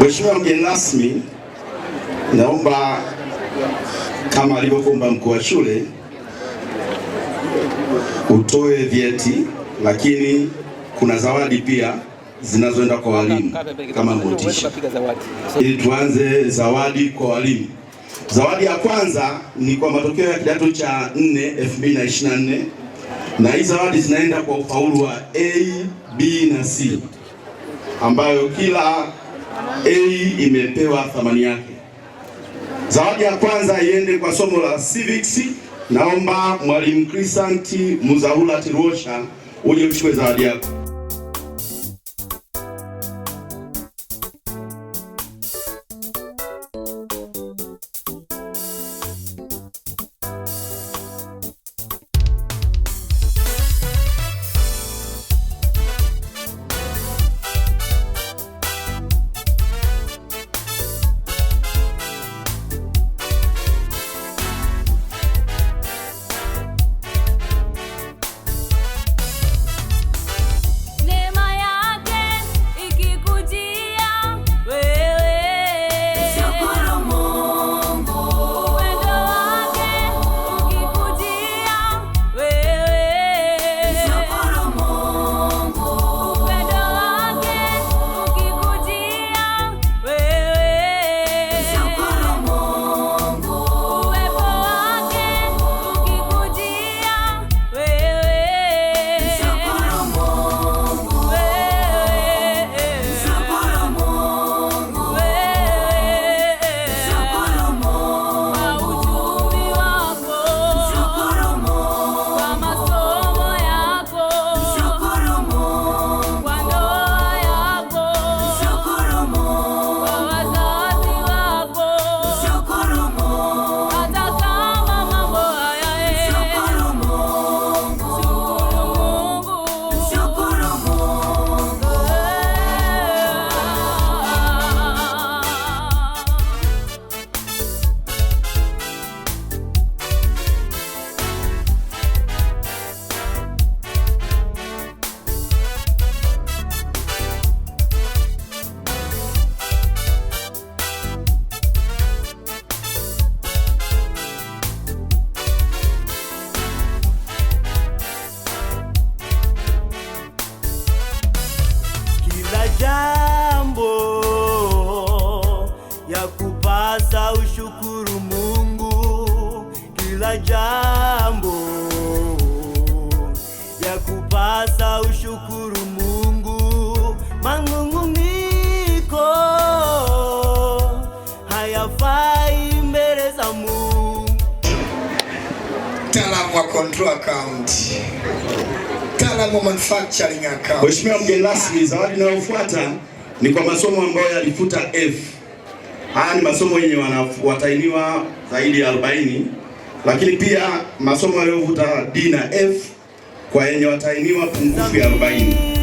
Mheshimiwa mgeni rasmi, naomba kama alivyokuomba mkuu wa shule utoe vyeti, lakini kuna zawadi pia zinazoenda kwa walimu kama motisha, ili tuanze zawadi kwa walimu. Zawadi ya kwanza ni kwa matokeo ya kidato cha 4 2024, na hii zawadi zinaenda kwa ufaulu wa A, B na C ambayo kila A imepewa thamani yake. Zawadi ya kwanza iende kwa somo la civics. Naomba mwalimu Krisanti Muzaula Tirosha uje uchukue zawadi yako. kila jambo ya kupasa ushukuru Mungu. Mangunguniko hayafai mbele za Mungu. Mtaalamu wa control account, mtaalamu wa manufacturing account. Mheshimiwa mgeni rasmi, zawadi inayofuata ni kwa masomo ambayo yalifuta F. Haya ni masomo yenye watainiwa zaidi ya 40 lakini pia masomo yaliyovuta D na F kwa yenye watainiwa pungufu ya 40.